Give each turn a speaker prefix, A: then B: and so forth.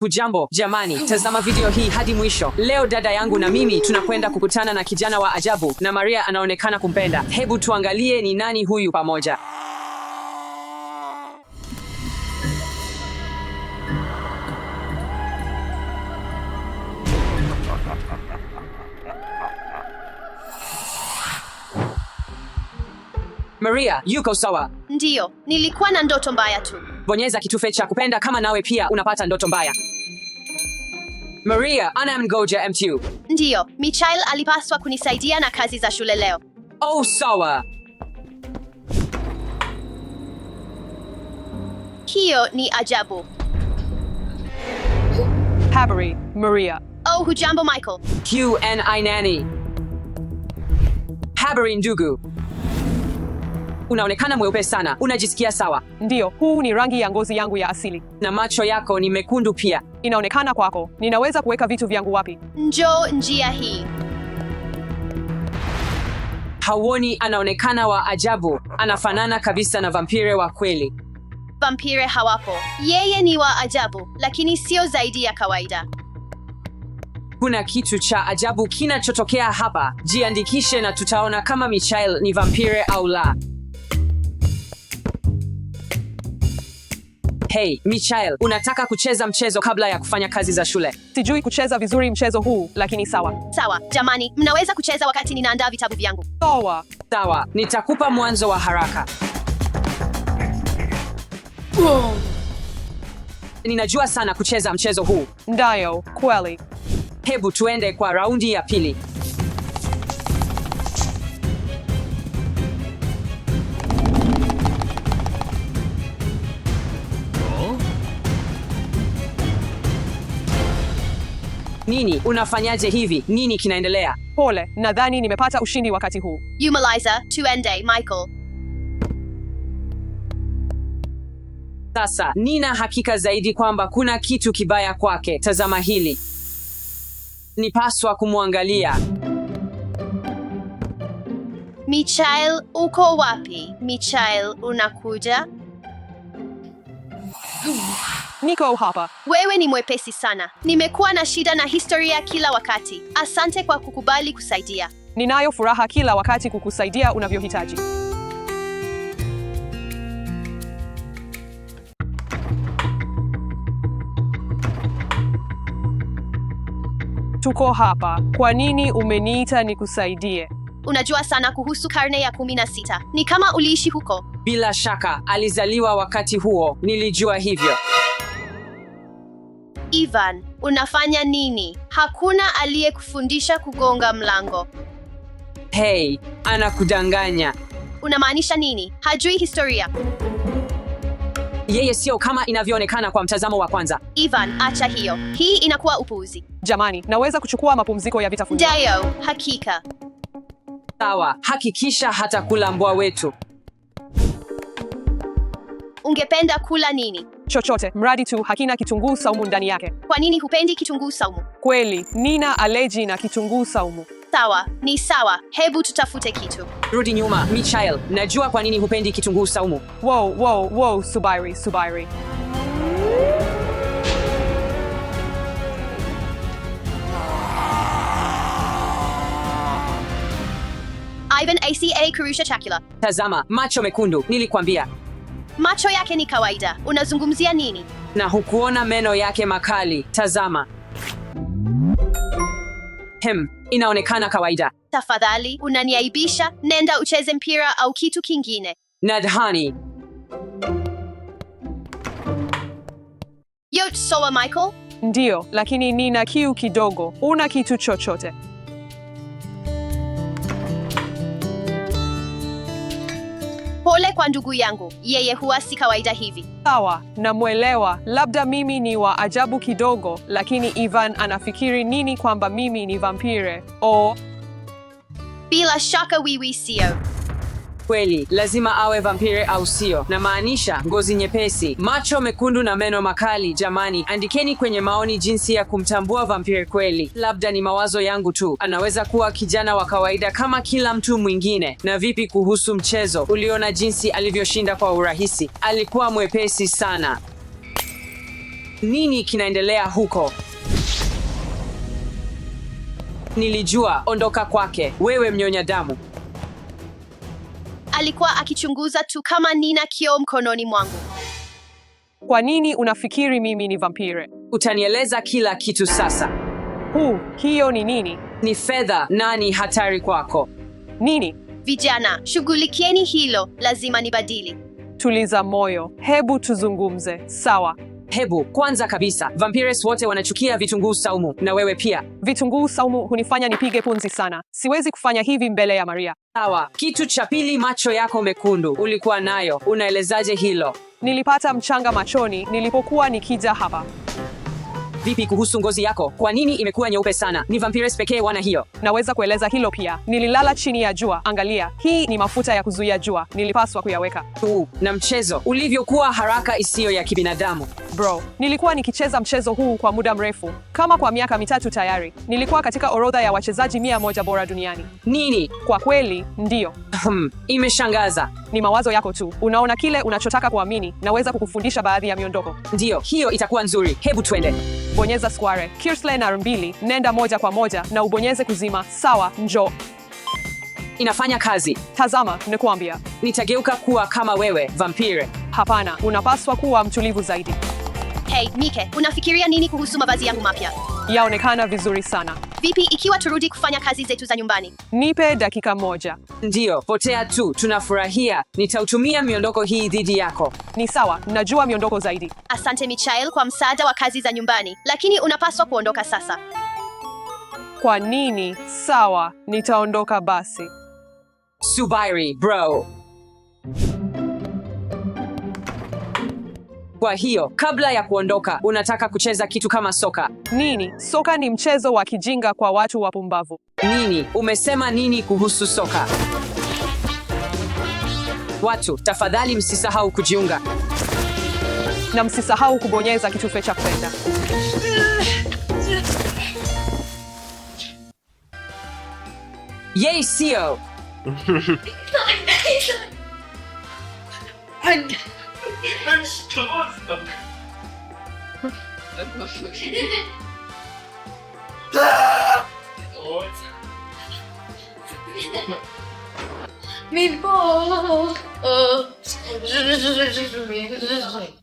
A: Hujambo jamani, tazama video hii hadi mwisho. Leo dada yangu na mimi tunakwenda kukutana na kijana wa ajabu, na Maria anaonekana kumpenda. Hebu tuangalie ni nani huyu pamoja. Maria, yuko sawa?
B: Ndiyo, nilikuwa na ndoto mbaya tu.
A: Bonyeza kitufe cha kupenda kama nawe pia unapata ndoto mbaya. Maria, anamgoja M2.
B: Ndiyo, Michael alipaswa kunisaidia na kazi za shule leo.
A: Oh, sawa.
B: Hiyo ni ajabu.
A: Habari, Maria.
B: Oh, hujambo Michael.
A: Q ni nani? Habari ndugu. Unaonekana mweupe sana. Unajisikia sawa?
C: Ndiyo, huu ni rangi ya ngozi yangu ya asili.
A: Na macho yako ni mekundu pia. Inaonekana kwako. Ninaweza kuweka vitu vyangu wapi?
B: Njoo njia hii.
A: Hauoni? anaonekana wa ajabu. Anafanana kabisa na vampire wa kweli.
B: Vampire hawapo. Yeye ni wa ajabu, lakini sio zaidi ya kawaida.
A: Kuna kitu cha ajabu kinachotokea hapa. Jiandikishe na tutaona kama Michael ni vampire au la. Hey Michael, unataka kucheza mchezo kabla ya kufanya kazi za shule?
C: Sijui kucheza vizuri mchezo huu, lakini sawa
B: sawa. Jamani, mnaweza kucheza wakati ninaandaa vitabu vyangu?
C: Sawa
A: sawa, nitakupa mwanzo wa haraka. Boom. Ninajua sana kucheza mchezo huu.
C: Ndio, kweli.
A: Hebu tuende kwa raundi ya pili. Nini unafanyaje hivi? Nini kinaendelea?
C: Pole, nadhani nimepata ushindi wakati huu.
B: Yumaliza, tuende Michael.
A: Sasa nina hakika zaidi kwamba kuna kitu kibaya kwake. Tazama hili, nipaswa kumwangalia.
B: Michael, uko wapi? Michael, unakuja?
C: Niko hapa.
B: Wewe ni mwepesi sana. Nimekuwa na shida na historia kila wakati. Asante kwa kukubali kusaidia.
C: Ninayo furaha kila wakati kukusaidia unavyohitaji. Tuko hapa. Kwa nini umeniita nikusaidie?
B: Unajua sana kuhusu karne ya kumi na sita. Ni kama uliishi huko.
A: Bila shaka, alizaliwa wakati huo. Nilijua hivyo.
B: Ivan, unafanya nini? Hakuna aliyekufundisha kugonga mlango.
D: Hey, anakudanganya.
B: Unamaanisha nini? Hajui historia.
A: Yeye sio kama inavyoonekana kwa mtazamo wa kwanza.
B: Ivan, acha hiyo. Hii inakuwa upuuzi.
C: Jamani, naweza kuchukua mapumziko ya vitafunio?
B: Ndio, hakika.
A: Sawa, hakikisha hatakula mbwa wetu.
B: Ungependa kula nini?
C: chochote mradi tu hakina kitunguu saumu ndani yake.
B: Kwa nini hupendi kitunguu saumu?
C: Kweli, nina aleji na kitunguu saumu.
B: Sawa, ni sawa. Hebu tutafute kitu.
A: Rudi nyuma, Michael. Najua kwa nini hupendi kitunguu saumu.
C: Wow, wow, wow, Subairi, Subairi.
B: Ivan Aca Kurusha Chakula.
A: Tazama, macho mekundu, nilikwambia.
B: Macho yake ni kawaida. Unazungumzia nini?
A: Na hukuona meno yake makali. Tazama. Hem, inaonekana kawaida.
B: Tafadhali, unaniaibisha. Nenda ucheze mpira au kitu kingine.
A: Nadhani
B: Yo, sawa Michael?
C: Ndiyo, lakini nina kiu kidogo. Una kitu chochote?
B: Pole kwa ndugu yangu, yeye huwa si kawaida hivi.
C: Sawa, namwelewa. Labda mimi ni wa ajabu kidogo, lakini Ivan anafikiri nini kwamba mimi ni vampire? O, oh.
B: bila shaka wewe sio
A: kweli, lazima awe vampire au sio? Na maanisha ngozi nyepesi, macho mekundu na meno makali. Jamani, andikeni kwenye maoni jinsi ya kumtambua vampire kweli. Labda ni mawazo yangu tu, anaweza kuwa kijana wa kawaida kama kila mtu mwingine. Na vipi kuhusu mchezo? Uliona jinsi alivyoshinda kwa urahisi, alikuwa mwepesi sana. Nini kinaendelea huko? Nilijua, ondoka kwake, wewe mnyonya damu
B: alikuwa akichunguza tu kama nina kioo mkononi mwangu.
C: Kwa nini unafikiri mimi ni vampire?
A: Utanieleza kila kitu sasa.
C: Huu hiyo ni nini?
A: Ni fedha. Nani hatari kwako?
C: Nini?
B: Vijana, shughulikieni hilo, lazima nibadili.
C: Tuliza moyo, hebu tuzungumze, sawa?
A: Hebu kwanza kabisa, vampires wote wanachukia vitunguu saumu, na wewe pia.
C: Vitunguu saumu hunifanya nipige punzi sana, siwezi kufanya hivi mbele ya Maria.
A: Sawa. Kitu cha pili, macho yako mekundu, ulikuwa nayo, unaelezaje hilo?
C: Nilipata mchanga machoni nilipokuwa nikija hapa.
A: Vipi kuhusu ngozi yako? Kwa nini imekuwa nyeupe sana? Ni vampires pekee wana hiyo.
C: Naweza kueleza hilo pia. Nililala chini ya jua. Angalia, hii ni mafuta ya kuzuia jua, nilipaswa kuyaweka
A: tu. Na mchezo ulivyokuwa haraka isiyo ya kibinadamu
C: Bro, nilikuwa nikicheza mchezo huu kwa muda mrefu, kama kwa miaka mitatu tayari. Nilikuwa katika orodha ya wachezaji mia moja bora duniani. Nini? Kwa kweli, ndiyo.
A: Hmm, imeshangaza.
C: Ni mawazo yako tu. Unaona kile unachotaka kuamini. Naweza kukufundisha baadhi ya miondoko.
A: Ndiyo, hiyo itakuwa nzuri. Hebu twende
C: bonyeza square. Kirsley na nenda moja kwa moja na ubonyeze kuzima. Sawa, njo
A: inafanya kazi.
C: Tazama, nikuambia,
A: nitageuka kuwa kama wewe vampire.
C: Hapana, unapaswa kuwa mtulivu zaidi.
B: Hey Mike, unafikiria nini kuhusu mavazi yangu mapya?
C: Yaonekana vizuri sana.
B: Vipi ikiwa turudi kufanya kazi zetu za nyumbani?
C: Nipe dakika moja.
A: Ndiyo, potea tu, tunafurahia. Nitautumia miondoko hii dhidi yako.
C: Ni sawa, najua miondoko zaidi.
B: Asante Michael kwa msaada wa kazi za nyumbani, lakini unapaswa kuondoka sasa.
C: Kwa nini? Sawa, nitaondoka basi.
A: Subairi, bro. Kwa hiyo kabla ya kuondoka, unataka kucheza kitu kama soka?
C: Nini? Soka ni mchezo wa kijinga kwa watu wapumbavu.
A: Nini? Umesema nini kuhusu soka? Watu, tafadhali msisahau kujiunga
C: na msisahau kubonyeza kitufe cha kwenda.
A: yei sio Image towards them. Lord. Meatball. Uh,